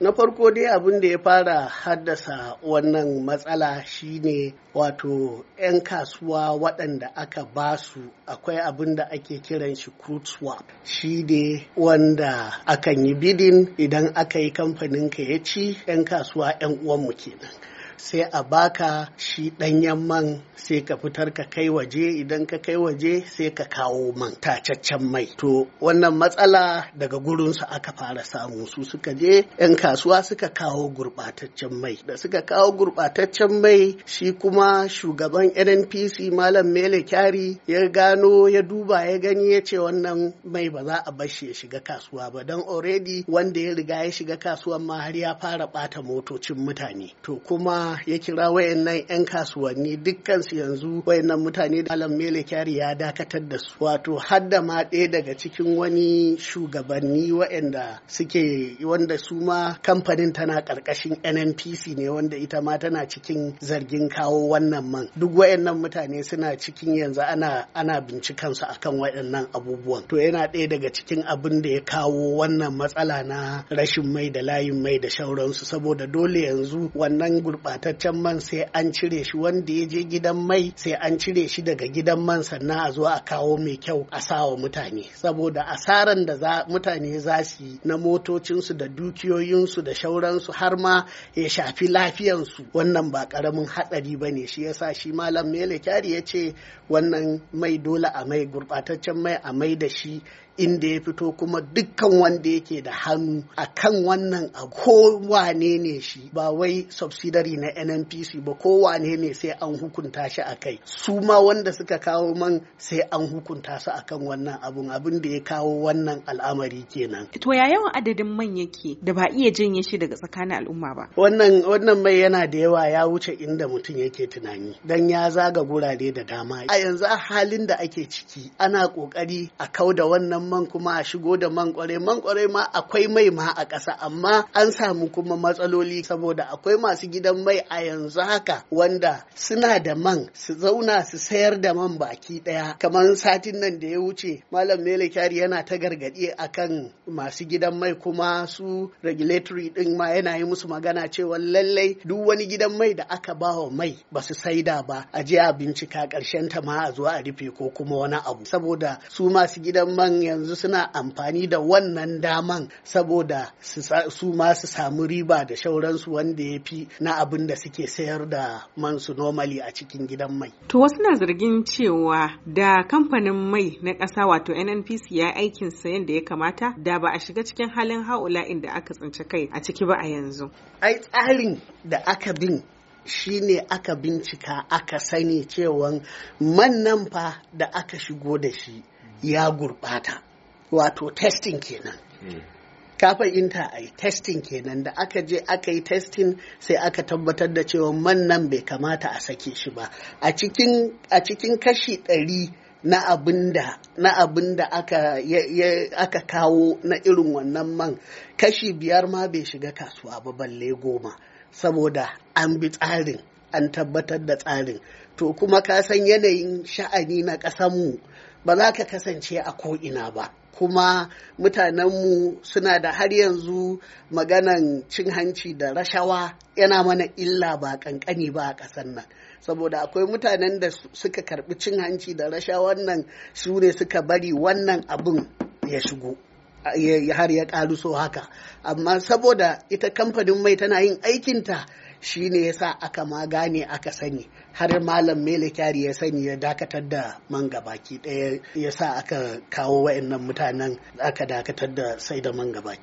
Na farko dai abin da ya fara haddasa wannan matsala shine wato 'yan kasuwa waɗanda aka ba su akwai abin da ake kiran shi crude swap shi ne wanda akan yi bidin idan aka yi kamfanin ka ya ci 'yan kasuwa 'yan uwanmu kenan. sai a baka shi ɗanyen man sai ka fitar ka kai waje idan ka kai waje sai ka kawo man tacaccen mai to wannan matsala daga gurinsu aka fara samu su suka je 'yan kasuwa suka kawo gurɓataccen mai da suka kawo gurɓataccen mai shi kuma shugaban nnpc malam mele kyari ya gano ya duba ya gani ya ce wannan mai ba za a shi ya shiga kasuwa ba don already wanda ya riga ya shiga kasuwan ma har ya fara ɓata motocin mutane to kuma ya kira wayannan 'yan kasuwanni dukkansu yanzu wayannan mutane da alam mele kyari ya dakatar da su wato hadda ma ɗaya daga cikin wani shugabanni wayanda suke wanda su ma kamfanin tana karkashin nnpc ne wanda ita ma tana cikin zargin kawo wannan man duk wayannan mutane suna cikin yanzu ana ana su akan wayannan abubuwan to yana ɗaya daga cikin abin da ya kawo wannan matsala na rashin mai da layin mai da sauransu saboda dole yanzu wannan gurɓa gurbataccen man sai an cire shi wanda ya je gidan mai sai an cire shi daga gidan man sannan a zo a kawo mai kyau a sawa mutane saboda asaran da mutane za su na motocinsu da dukiyoyinsu da shauransu har ma ya shafi lafiyansu wannan ba karamin hatsari ba ne shi yasa shi malam mele kyari ya ce wannan mai dole a mai gurbataccen mai a mai da shi inda ya fito kuma dukkan wanda yake da hannu a kan wannan a ko wane ne shi ba wai subsidiary na nnpc ba ko wane ne sai an hukunta shi a kai su ma wanda suka kawo man sai an hukunta su a kan wannan abun abin da ya kawo wannan al'amari kenan to ya yawan adadin man yake da ba iya janye shi daga tsakanin al'umma ba wannan wannan mai yana da yawa ya wuce inda mutum yake tunani dan ya zaga gurare da dama a yanzu a halin da ake ciki ana kokari a kau da wannan man kuma a shigo da man kwarai man kwarai ma akwai mai ma a ƙasa amma an samu kuma matsaloli saboda akwai masu gidan mai a yanzu haka wanda suna da man su zauna su sayar da man baki ɗaya kamar satin nan da ya wuce malam mele kyari yana ta gargaɗi akan masu gidan mai kuma su regulatory ɗin ma yana yi musu magana cewa lallai duk wani gidan mai da aka bawa mai ba su saida ba a je a bincika ƙarshen ta ma a zuwa a rufe ko kuma wani abu saboda su masu gidan man yanzu suna amfani da wannan daman saboda su ma su samu riba da shauransu wanda ya fi na abin da suke sayar da mansu normally a cikin gidan mai. To wasu na zargin cewa da kamfanin mai na ƙasa wato NNPC ya yi aikin sayan da ya kamata da ba a shiga cikin halin haula inda aka tsinci kai a ciki ba a yanzu. Ai tsarin da aka bin shi ne aka bincika aka sani cewan man nan fa da aka shigo da shi. ya gurbata, wato testing kenan hmm. kafin inta a yi testing kenan da aka je aka yi testing sai aka tabbatar da cewa man nan bai kamata a sake shi ba a cikin kashi ɗari na abinda na aka aka kawo na irin wannan man kashi biyar ma bai shiga kasuwa ba balle goma saboda an bi tsarin an tabbatar da tsarin to kuma ka san yanayin sha'ani na ƙasanmu ba za ka kasance a ko'ina ba kuma mutanenmu suna da har yanzu maganan cin hanci da rashawa yana mana illa ba kankani ba a ƙasar nan saboda akwai mutanen da suka karbi cin hanci da rasha nan su ne suka bari wannan abin ya shigo har ya ƙaru so haka amma saboda ita kamfanin mai tana yin aikinta shi ne ya sa aka ma gane aka sani har malam mele kyari ya sani ya dakatar da man gabaki ɗaya ya sa aka kawo wa'annan mutanen aka dakatar da sai da man gabaki